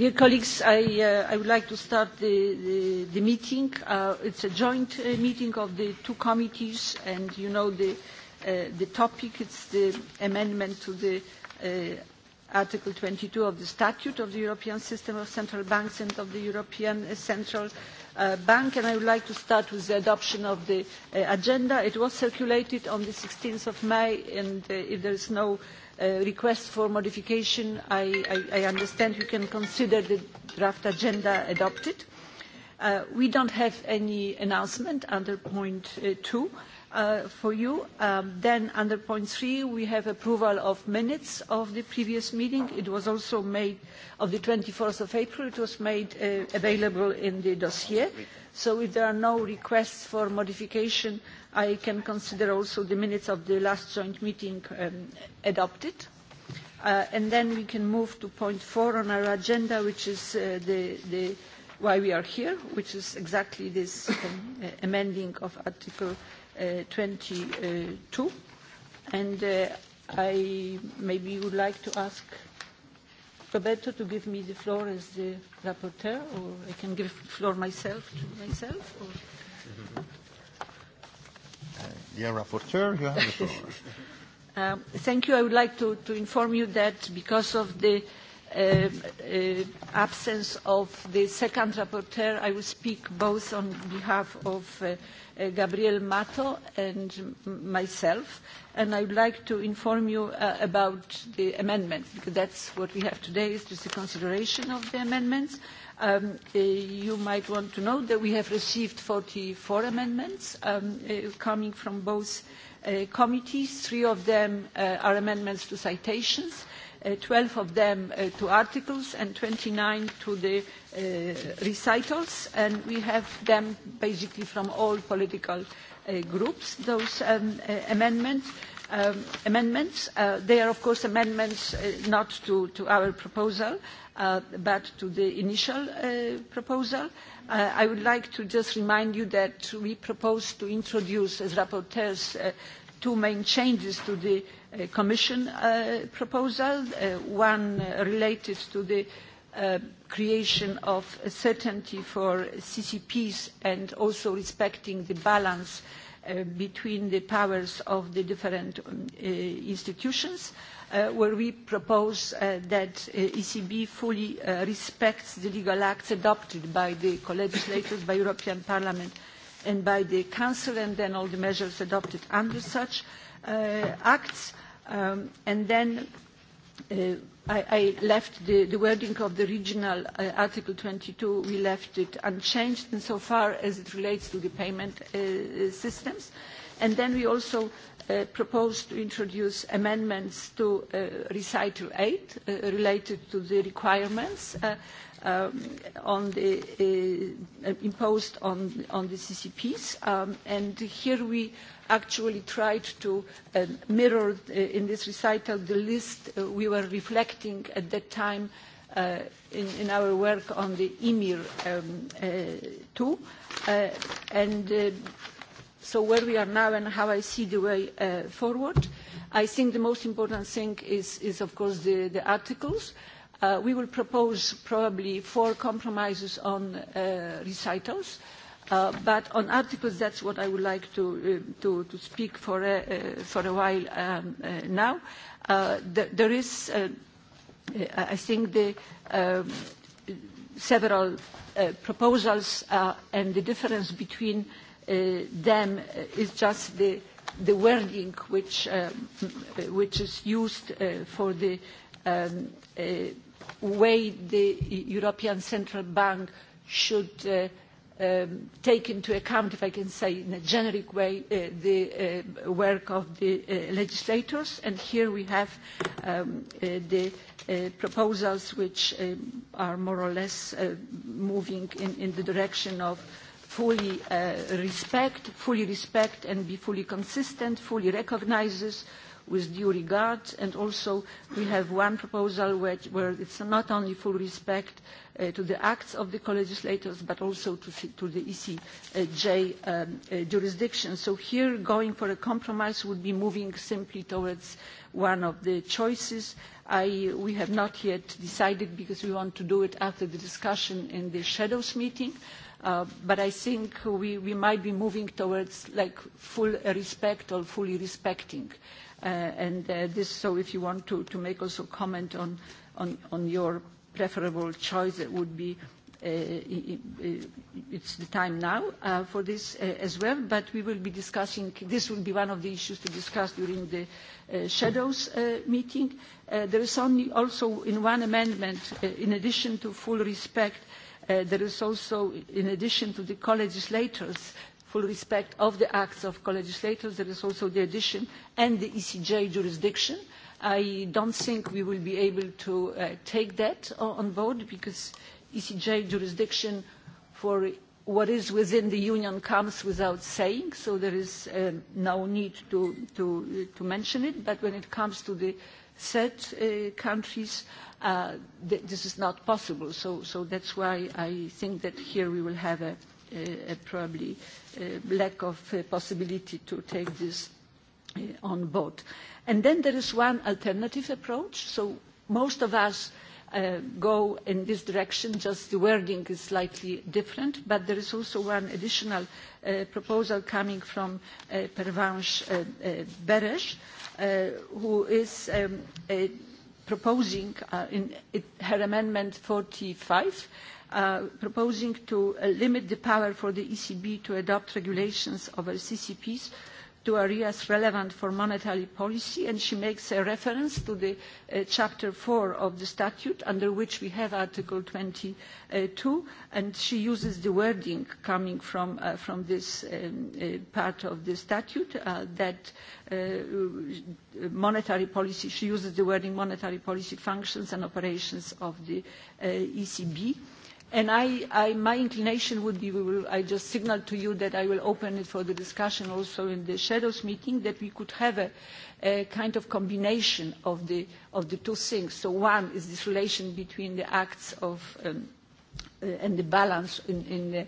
Dear colleagues, I would like to start the meeting. It's a joint meeting of the two committees, and you know the topic. It's the amendment to the Article 22 of the Statute of the European System of Central Banks and of the European Central Bank. And I would like to start with the adoption of the agenda. It was circulated on the 16 of May, and if there is no request for modification, I understand you can consider the draft agenda adopted. We don't have any announcement under point two for you. Then under point three, we have approval of minutes of the previous meeting. It was also made of the 24th of April. It was made available in the dossier. So if there are no requests for modification, I can consider also the minutes of the last joint meeting adopted. And then we can move to point four on our agenda, which is the why we are here, which is exactly this amending of Article 22. And I maybe would like to ask Roberto to give me the floor as the rapporteur, or I can give the floor myself to myself. Or... Dear rapporteur, you have the floor. Thank you. I would like to inform you that because of the absence of the second rapporteur, I will speak both on behalf of Gabriel Mato and myself, and I would like to inform you about the amendments, because that's what we have today, is just a consideration of the amendments. You might want to know that we have received 44 amendments coming from both committees. Three of them are amendments to citations 12 of them to articles and 29 to the recitals, and we have them basically from all political groups, those amendments. They are, of course, amendments not to our proposal, but to the initial proposal. I would like to just remind you that we propose to introduce, as rapporteurs, two main changes to the Commission proposal, one related to the creation of certainty for CCPs and also respecting the balance between the powers of the different institutions, where we propose that ECB fully respects the legal acts adopted by the co-legislators, by European Parliament and by the Council, and then all the measures adopted under such acts And then I left the wording of the regional Article 22. We left it unchanged insofar as it relates to the payment systems. And then we also proposed to introduce amendments to Recital 8 related to the requirements on the imposed on on the CCPs and here we actually tried to mirror in this recital the list we were reflecting at that time in our work on the EMIR 2 and so where we are now and how I see the way forward. I think the most important thing is of course the articles We will propose probably four compromises on recitals, but on articles that's what I would like to speak for a while now. There is, I think, the several proposals and the difference between them is just the wording which is used for the way the European Central Bank should take into account, if I can say in a generic way, the work of the legislators. And here we have the proposals which are more or less moving in the direction of fully respect, fully respect and be fully consistent, fully recognises with due regard. And also we have one proposal where it's not only full respect to the acts of the co-legislators, but also to the ECJ jurisdiction. So here going for a compromise would be moving simply towards one of the choices. We have not yet decided because we want to do it after the discussion in the shadows meeting. But I think we might be moving towards like full respect or fully respecting And this, so if you want to make also comment on your preferable choice, it would be it's the time now for this as well, but we will be discussing, this will be one of the issues to discuss during the shadows meeting. There is only also in one amendment, in addition to full respect, there is also, in addition to the co-legislators, full respect of the acts of co-legislators. There is also the addition and the ECJ jurisdiction. I don't think we will be able to take that on board because ECJ jurisdiction for what is within the Union comes without saying, so there is no need to mention it. But when it comes to the third countries, this is not possible. So that's why I think that here we will have a probably lack of possibility to take this on board. And then there is one alternative approach. So most of us go in this direction, just the wording is slightly different, but there is also one additional proposal coming from uh, Beres, who is proposing in her amendment 45 proposing to limit the power for the ECB to adopt regulations over CCPs to areas relevant for monetary policy, and she makes a reference to the Chapter 4 of the statute, under which we have Article 22, and she uses the wording coming from this part of the statute that monetary policy, she uses the wording monetary policy functions and operations of the ECB and I my inclination would be I just signal to you that I will open it for the discussion also in the shadows meeting that we could have a kind of combination of the two things. So one is this relation between the acts of and the balance in the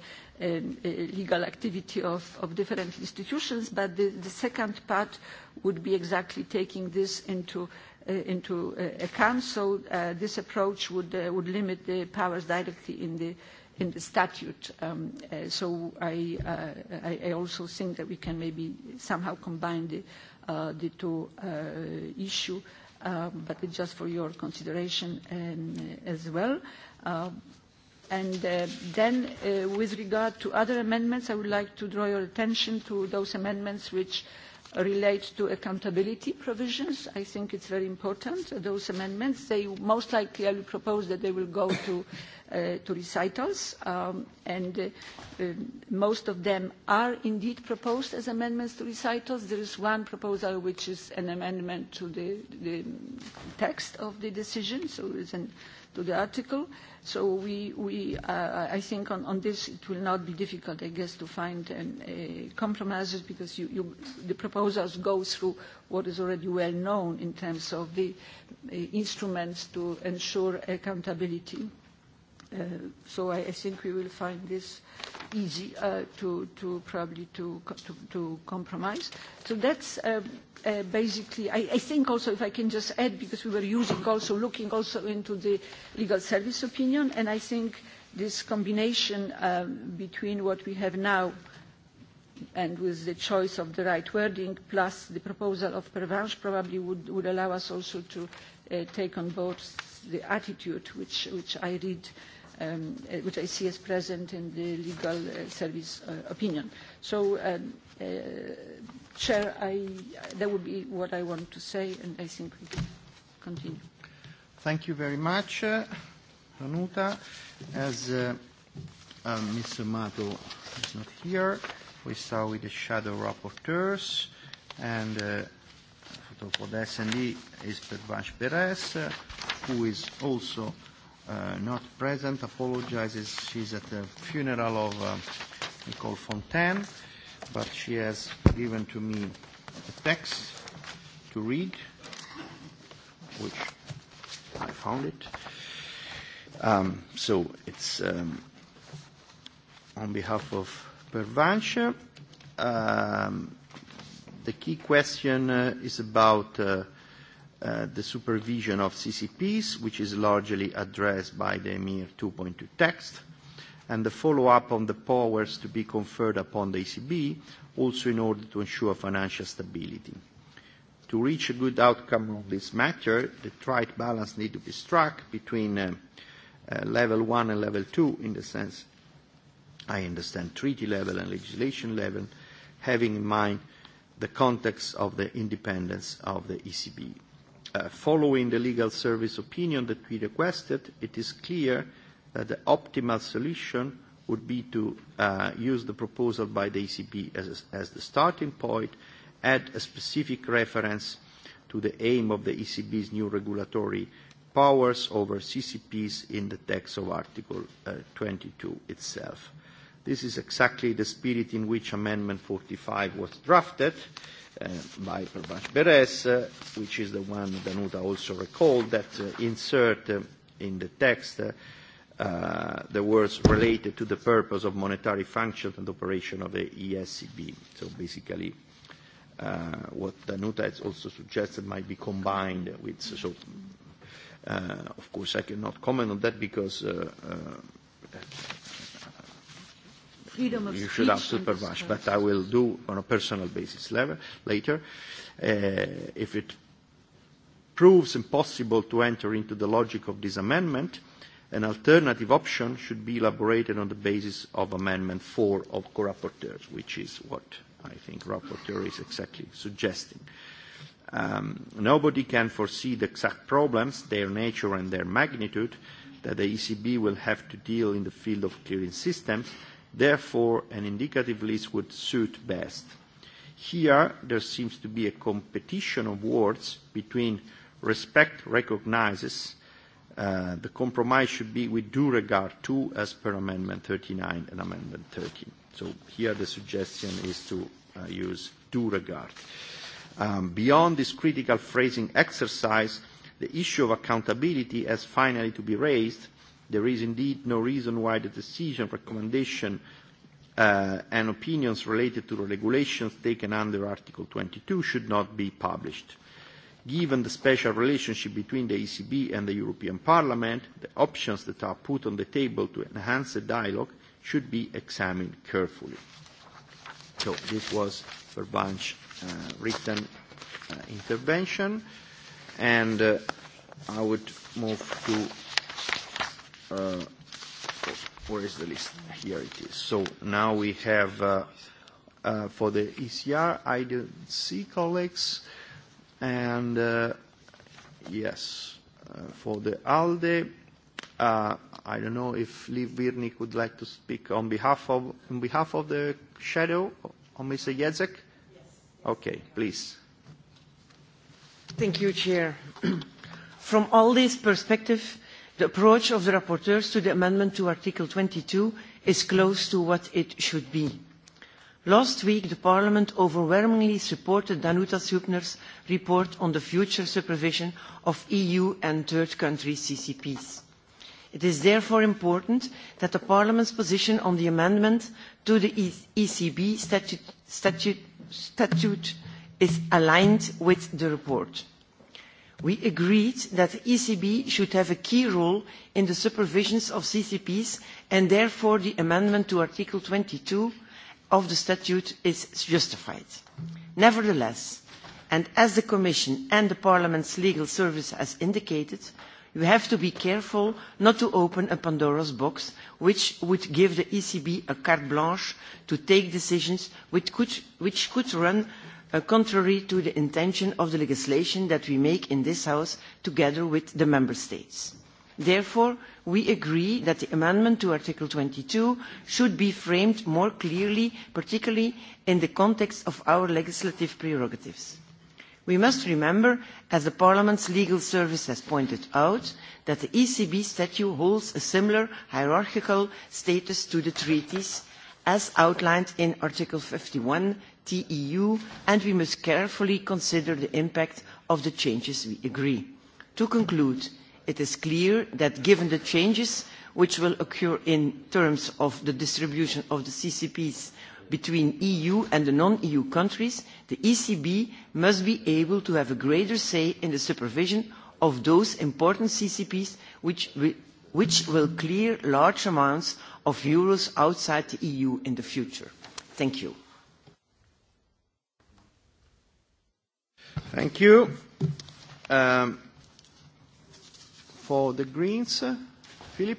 legal activity of different institutions, but the second part would be exactly taking this into into account. So this approach would limit the powers directly in the in the statute. So I also think that we can maybe somehow combine the the two issues, but just for your consideration as well. And then with regard to other amendments, I would like to draw your attention to those amendments which relate to accountability provisions. I think it's very important, those amendments. They most likely, I will propose that they will go to recitals, and most of them are indeed proposed as amendments to recitals. There is one proposal which is an amendment to the text of the decision, so it's an to the article. So we, we, I think on, on this it will not be difficult, I guess, to find compromises because you, you, the proposals go through what is already well known in terms of the instruments to ensure accountability So I think we will find this easy to to probably to to compromise. So that's basically. I think also if I can just add because we were using also looking also into the legal service opinion and I think this combination between what we have now and with the choice of the right wording plus the proposal of Pervenche probably would would allow us also to take on board the attitude which which I read which I see as present in the legal service opinion. So, Chair, that would be what I want to say, and I think we can continue. Thank you very much, Ranuta. As Mr. Mato is not here, we start with the shadow rapporteurs, and for the S&D is Pervash Perez, who is also not present, apologizes. She's at the funeral of Nicole Fontaine, but she has given to me a text to read, which I found it. So it's on behalf of Pervanche. The key question is about the supervision of CCPs, which is largely addressed by the EMIR 2.2 text, and the follow-up on the powers to be conferred upon the ECB, also in order to ensure financial stability. To reach a good outcome on this matter, the right balance needs to be struck between level 1 and level 2, in the sense I understand treaty level and legislation level, having in mind the context of the independence of the ECB following the legal service opinion that we requested, it is clear that the optimal solution would be to use the proposal by the ECB as the starting point, add a specific reference to the aim of the ECB's new regulatory powers over CCPs in the text of Article 22 itself. This is exactly the spirit in which Amendment 45 was drafted, by Prabhash Beres, which is the one Danuta also recalled, that insert in the text the words related to the purpose of monetary function and operation of the ESCB. So basically what Danuta has also suggested might be combined with. So of course I cannot comment on that because freedom of you should have supervision, but I will do on a personal basis level later. If it proves impossible to enter into the logic of this amendment, an alternative option should be elaborated on the basis of Amendment 4 of co-rapporteurs, which is what I think rapporteur is exactly suggesting. Nobody can foresee the exact problems, their nature and their magnitude that the ECB will have to deal in the field of clearing systems, Therefore, an indicative list would suit best. Here, there seems to be a competition of words between respect recognizes, the compromise should be with due regard to, as per Amendment 39 and Amendment 30. So here the suggestion is to use due regard. Beyond this critical phrasing exercise, the issue of accountability has finally to be raised There is indeed no reason why the decision, recommendation and opinions related to the regulations taken under Article 22 should not be published. Given the special relationship between the ECB and the European Parliament, the options that are put on the table to enhance the dialogue should be examined carefully. So this was Verbanj's written intervention, and I would move to where is the list? Here it is. So now we have for the ECR, I don't see colleagues. And yes, for the ALDE, I don't know if Liv Virnik would like to speak on behalf of on behalf of the shadow, on Mr. Jezek. Okay, please. Thank you, Chair. From ALDE's perspective, The approach of the rapporteurs to the amendment to Article 22 is close to what it should be. Last week, the Parliament overwhelmingly supported Danuta Hübner's report on the future supervision of EU and third country CCPs. It is therefore important that Parliament's position on the amendment to the ECB statute is aligned with the report we agreed that the ecb should have a key role in the supervision of ccps and therefore the amendment to article twenty two of the statute is justified. nevertheless and as the commission and parliament's legal service has indicated we have to be careful not to open a pandora's box which would give the ecb a carte blanche to take decisions which could run contrary to the intention of the legislation that we make in this House together with the Member States. Therefore, we agree that the amendment to Article twenty two should be framed more clearly, particularly in the context of our legislative prerogatives. We must remember, as Parliament's legal service has pointed out, that the ECB statute holds a similar hierarchical status to the treaties as outlined in Article fifty one the EU, and we must carefully consider the impact of the changes we agree. To conclude, it is clear that given the changes which will occur in terms of the distribution of the CCPs between EU and the non-EU countries, the ECB must be able to have a greater say in the supervision of those important CCPs which will clear large amounts of euros outside the EU in the future. Thank you. Thank you. Um, for the Greens, Philip,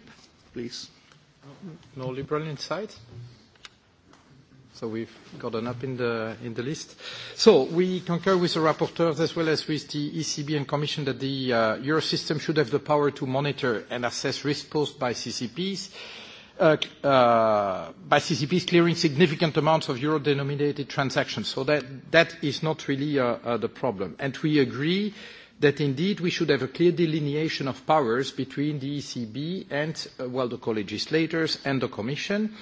please. No liberal inside. So we've gotten up in the in the list. So we concur with the rapporteurs as well as with the ECB and Commission that the Euro system should have the power to monitor and assess risk posed by CCPs by CCPs clearing significant amounts of euro-denominated transactions. So that is not really the problem. And we agree that indeed we should have a clear delineation of powers between the ECB and, well, the co-legislators and the Commission.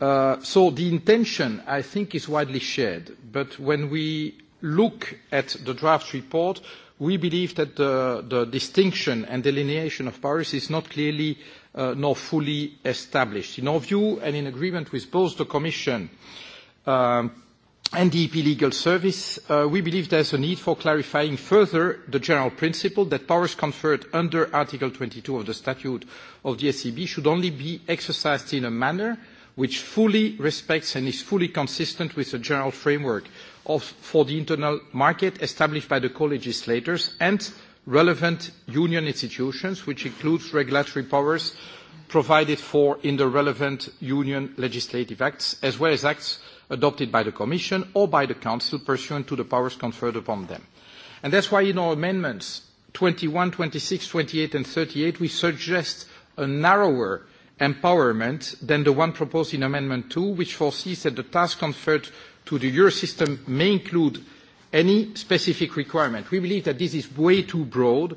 So the intention, I think, is widely shared. But when we look at the draft report, we believe that the distinction and delineation of powers is not clearly nor fully established. In our view, and in agreement with both the Commission and the EP Legal Service, we believe there is a need for clarifying further the general principle that powers conferred under Article 22 of the Statute of the SEB should only be exercised in a manner which fully respects and is fully consistent with the general framework for the internal market established by the co-legislators and relevant union institutions, which includes regulatory powers provided for in the relevant union legislative acts, as well as acts adopted by the Commission or by the Council pursuant to the powers conferred upon them. And that's why in our amendments 21, 26, 28 and 38 we suggest a narrower empowerment than the one proposed in Amendment 2, which foresees that the task conferred to the Eurosystem may include any specific requirement. We believe that this is way too broad,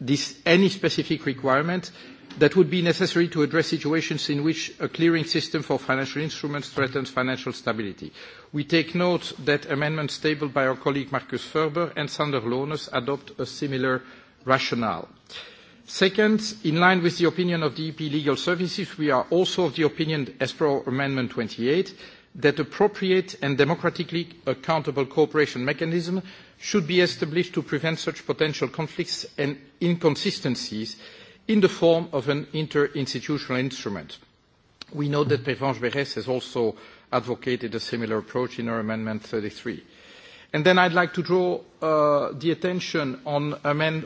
this any specific requirement that would be necessary to address situations in which a clearing system for financial instruments threatens financial stability. We take note that amendments tabled by our colleague Markus Ferber and Sander Lohnes adopt a similar rationale. Second, in line with the opinion of the EP Legal Services, we are also of the opinion as per Amendment 28 that appropriate and democratically accountable cooperation mechanism should be established to prevent such potential conflicts and inconsistencies in the form of an interinstitutional instrument. We know that Pervenche Berès has also advocated a similar approach in her Amendment 33. And then I'd like to draw the attention on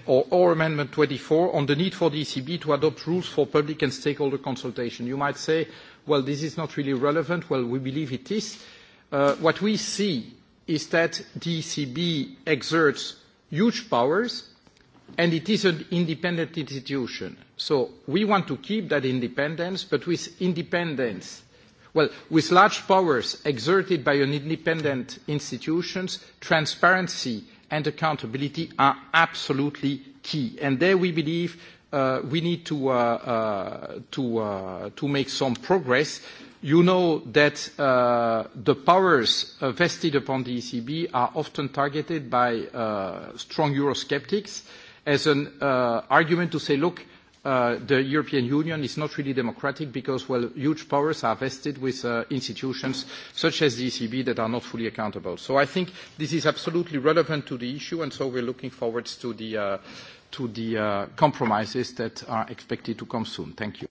or Amendment 24 on the need for the ECB to adopt rules for public and stakeholder consultation. You might say, well, this is not really relevant. Well, we believe it is. What we see is that the ECB exerts huge powers, and it is an independent institution. So we want to keep that independence, but with independence, well, with large powers exerted by an independent institutions, transparency and accountability are absolutely key. And there we believe we need to make some progress. You know that the powers vested upon the ECB are often targeted by strong Eurosceptics as an argument to say, look, the European Union is not really democratic because, well, huge powers are vested with institutions such as the ECB that are not fully accountable. So I think this is absolutely relevant to the issue, and so we're looking forward to the to the compromises that are expected to come soon. Thank you.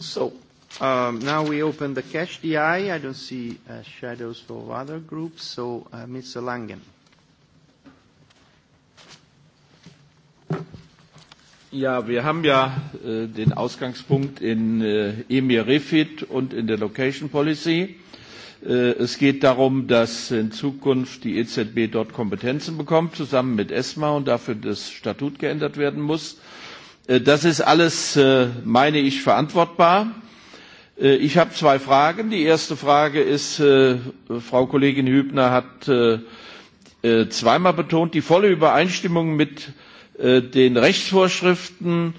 So now we open the cash DI. I don't see shadows for other groups. So Mr. Langen. Ja, wir haben ja den Ausgangspunkt in EMIR Refit und in der Location Policy. Es geht darum, dass in Zukunft die EZB dort Kompetenzen bekommt, zusammen mit ESMA und dafür das Statut geändert werden muss. Das ist alles, meine ich, verantwortbar. Ich habe zwei Fragen. Die erste Frage ist, Frau Kollegin Hübner hat zweimal betont, die volle Übereinstimmung mit den Rechtsvorschriften,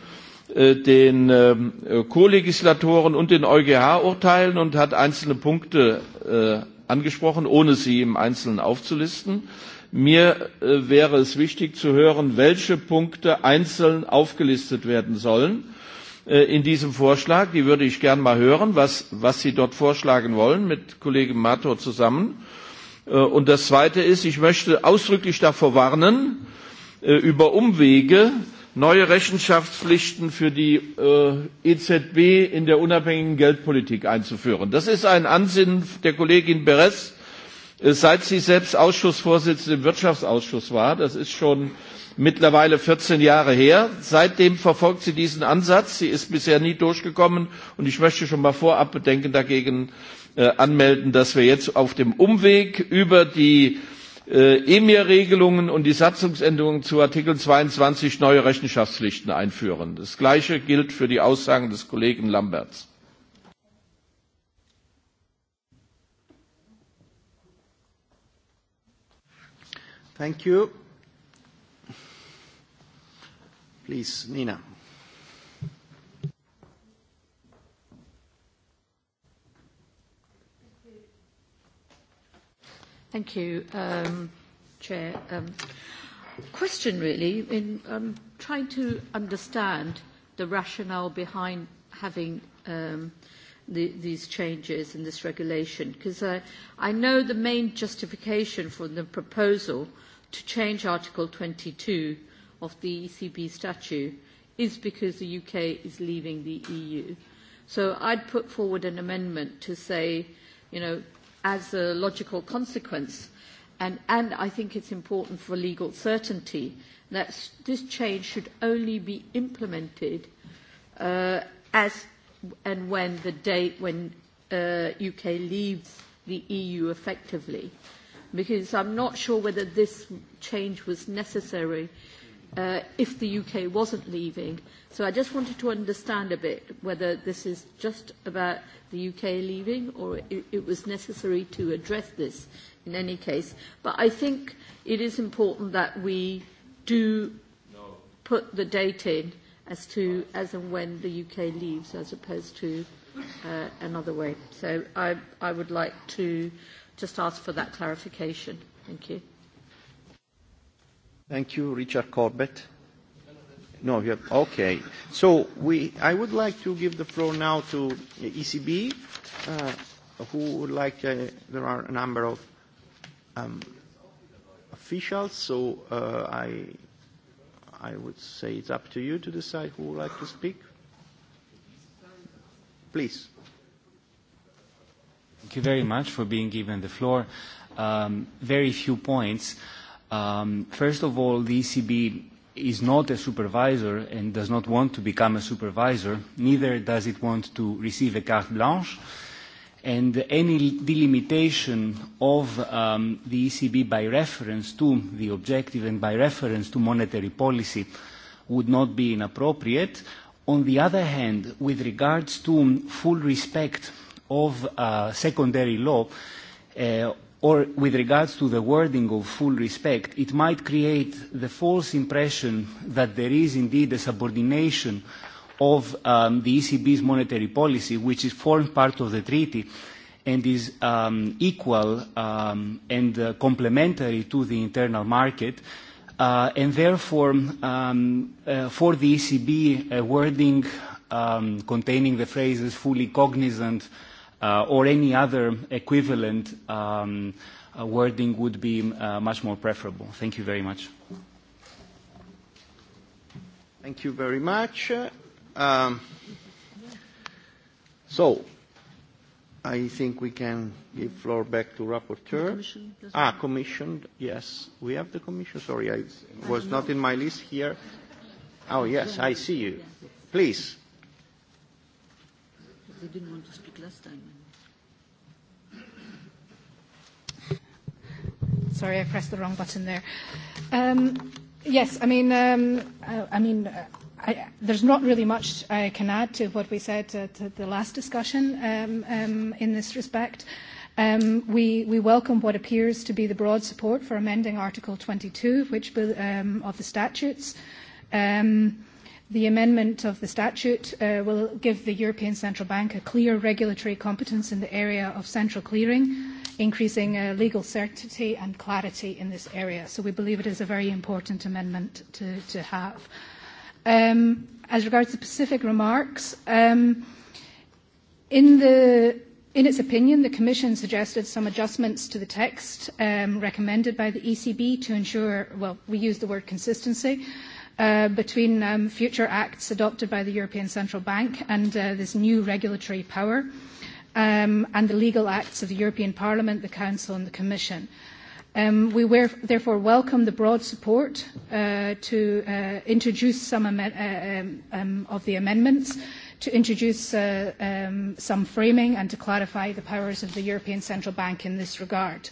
den co und den EuGH-Urteilen und hat einzelne Punkte angesprochen, ohne sie im Einzelnen aufzulisten. Mir wäre es wichtig zu hören, welche Punkte einzeln aufgelistet werden sollen in diesem Vorschlag. Die würde ich gern mal hören, was Sie dort vorschlagen wollen, mit Kollegen Mato zusammen. Und das Zweite ist, ich möchte ausdrücklich davor warnen, über Umwege neue Rechenschaftspflichten für die EZB in der unabhängigen Geldpolitik einzuführen. Das ist ein Ansinnen der Kollegin Beres, seit sie selbst Ausschussvorsitzende im Wirtschaftsausschuss war. Das ist schon mittlerweile 14 Jahre her. Seitdem verfolgt sie diesen Ansatz. Sie ist bisher nie durchgekommen. Und ich möchte schon mal vorab Bedenken dagegen anmelden, dass wir jetzt auf dem Umweg über die emir regelungen und die Satzungsänderungen zu artikel 22 neue rechenschaftspflichten einführen. das gleiche gilt für die aussagen des kollegen lamberts. Thank you, Chair. Question really in trying to understand the rationale behind having these changes in this regulation, because I know the main justification for the proposal to change Article 22 of the ECB statute is because the UK is leaving the EU. So I'd put forward an amendment to say, you know, as a logical consequence. And I think it's important for legal certainty that this change should only be implemented as and when the date when UK leaves the EU effectively. Because I'm not sure whether this change was necessary if the UK wasn't leaving. So I just wanted to understand a bit whether this is just about the UK leaving or it was necessary to address this in any case. But I think it is important that we do put the date in as to as and when the UK leaves as opposed to another way. So I would like to just ask for that clarification. Thank you. Thank you, Richard Corbett. No, you have, okay. So we, I would like to give the floor now to ECB, who would like, there are a number of um, officials, so I, I would say it's up to you to decide who would like to speak. Please. Thank you very much for being given the floor. Um, very few points. First of all, the ECB is not a supervisor and does not want to become a supervisor, neither does it want to receive a carte blanche, and any delimitation of the ECB by reference to the objective and by reference to monetary policy would not be inappropriate. On the other hand, with regards to full respect of secondary law, or with regards to the wording of full respect, it might create the false impression that there is indeed a subordination of the ECB's monetary policy, which is formed part of the treaty and is equal and complementary to the internal market. And therefore, for the ECB, a wording containing the phrases fully cognizant or any other equivalent wording would be much more preferable. Thank you very much. Thank you very much. So, I think we can give floor back to rapporteur. Ah, commission. Yes, we have the commission. Sorry, I was not in my list here. Oh, yes, I see you. Please. Sorry, I pressed the wrong button there. Yes, I mean, I mean, there's not really much I can add to what we said to the last discussion in this respect. We welcome what appears to be the broad support for amending Article 22, which of the statutes. Um The amendment of the statute will give the European Central Bank a clear regulatory competence in the area of central clearing, increasing legal certainty and clarity in this area. So we believe it is a very important amendment to have. As regards the specific remarks, in its opinion, the Commission suggested some adjustments to the text recommended by the ECB to ensure, well, we use the word consistency between future acts adopted by the European Central Bank and this new regulatory power and the legal acts of the European Parliament, the Council and the Commission. We therefore welcome the broad support to introduce some of the amendments, to introduce some framing and to clarify the powers of the European Central Bank in this regard.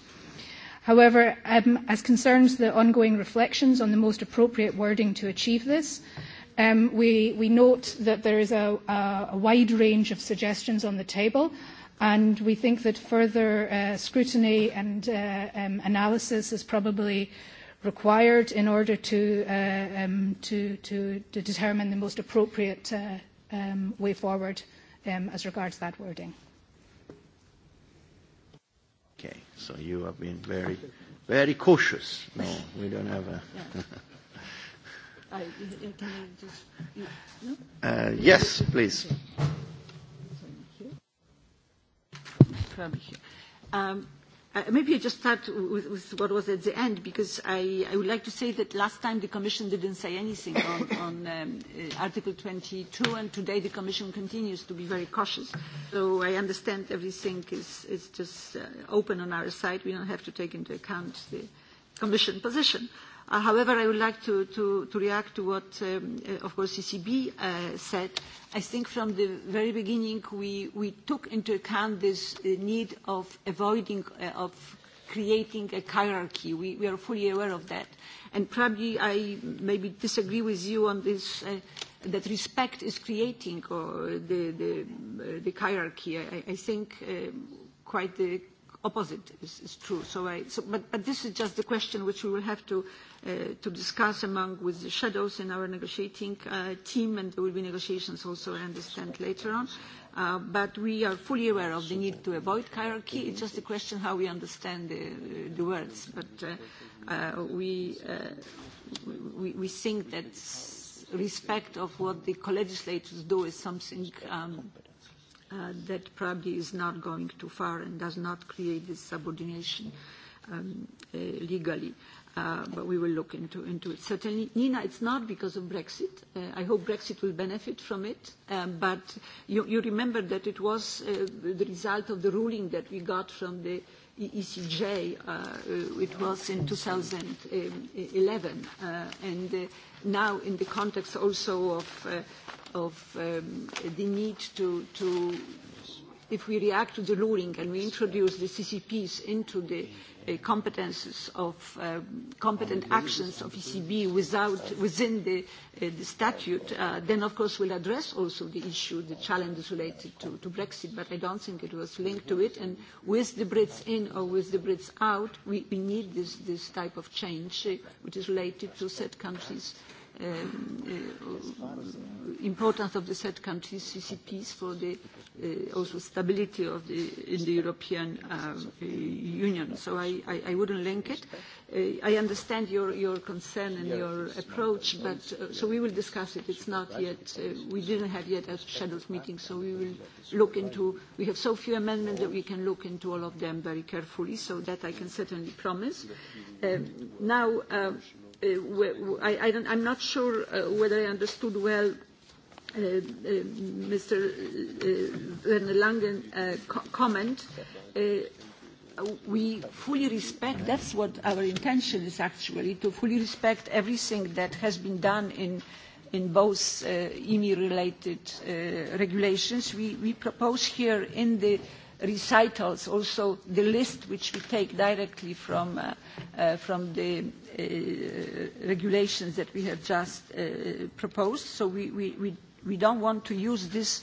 However, as concerns the ongoing reflections on the most appropriate wording to achieve this, we note that there is a wide range of suggestions on the table, and we think that further scrutiny and analysis is probably required in order to determine the most appropriate way forward as regards that wording. Okay, so you have been very, very cautious. No, we don't have a. uh, yes, please. Um, Maybe I just start with what was at the end, because I would like to say that last time the Commission didn't say anything on Article 22, and today the Commission continues to be very cautious. So I understand everything is just open on our side. We don't have to take into account the Commission position. However, I would like to react to what, of course, ECB said. I think from the very beginning we took into account this need of avoiding, of creating a hierarchy. We are fully aware of that. And probably I maybe disagree with you on this, that respect is creating the hierarchy. I think quite the opposite is true. So, But this is just the question which we will have to discuss among with the shadows in our negotiating team, and there will be negotiations also, I understand, later on. But we are fully aware of the need to avoid hierarchy. It's just a question how we understand the words. But we think that respect of what the co-legislators do is something that probably is not going too far and does not create this subordination legally. But we will look into into it. Certainly, Nina, it's not because of Brexit. I hope Brexit will benefit from it. But you remember that it was the result of the ruling that we got from the ECJ, it was in 2011, and now in the context also of the need to if we react to the ruling and we introduce the CCPs into the competences of competent actions of ECB without within the statute, then of course we'll address also the issue, the challenges related to Brexit. But I don't think it was linked to it. And with the Brits in or with the Brits out, we need this type of change, which is related to said countries' importance of the third countries CCPs for the also stability of the in the European Union. So I I wouldn't link it. I understand your your concern and your approach, but so we will discuss it. It's not yet we didn't have yet a shadows meeting, so we will look into we have so few amendments that we can look into all of them very carefully, so that I can certainly promise. Now I I'm not sure whether I understood well Mr. Werner Langen's comment. We fully respect, that's what our intention is actually, to fully respect everything that has been done in in both EMI-related regulations. We propose here in the recitals, also the list which we take directly from the regulations that we have just proposed. So we don't want to use this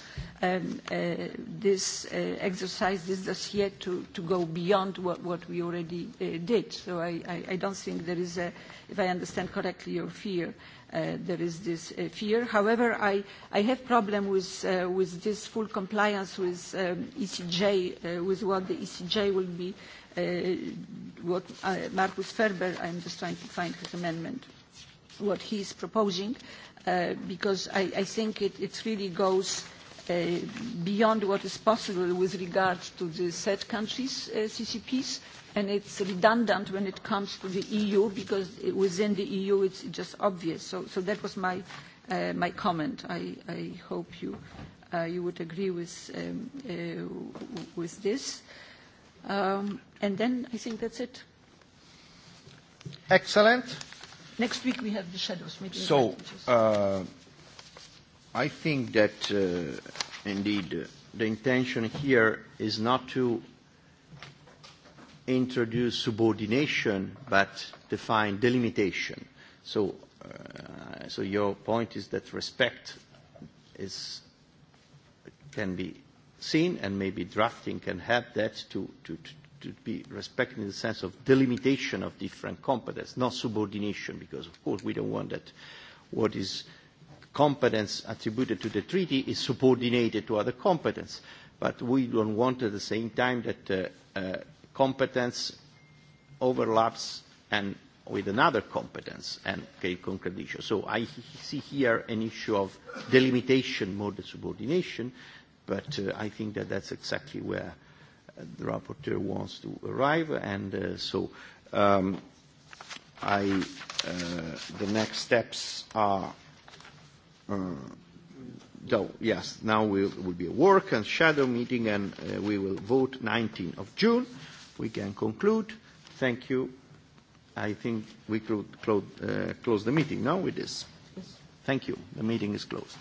exercise, this dossier, to go beyond what we already did. So I don't think there is, if I understand correctly, your fear there is this fear. However, I have problem with this full compliance with ECJ, with what the ECJ will be, what Markus Ferber, am just trying to find his amendment, what he is proposing, because I think it really goes beyond what is possible with regard to the third countries' CCPs and it's redundant when it comes to the EU because within the EU it's just obvious. So that was my my comment. I I hope you you would agree with with this. And then I think that's it. Excellent. Next week we have the shadows meeting. So I think that indeed the intention here is not to introduce subordination but define delimitation. So so your point is that respect is can be seen and maybe drafting can help that to to to be respected in the sense of delimitation of different competence, not subordination, because of course we don't want that what is competence attributed to the treaty is subordinated to other competence. But we don't want at the same time that competence overlaps and with another competence and contradiction. So I see here an issue of delimitation more than subordination, but I think that that's exactly where the rapporteur wants to arrive. And so I the next steps are yes, now will be a work and shadow meeting and we will vote 19 of June we can conclude. Thank you. I think we could close the meeting now with this. Thank you. The meeting is closed.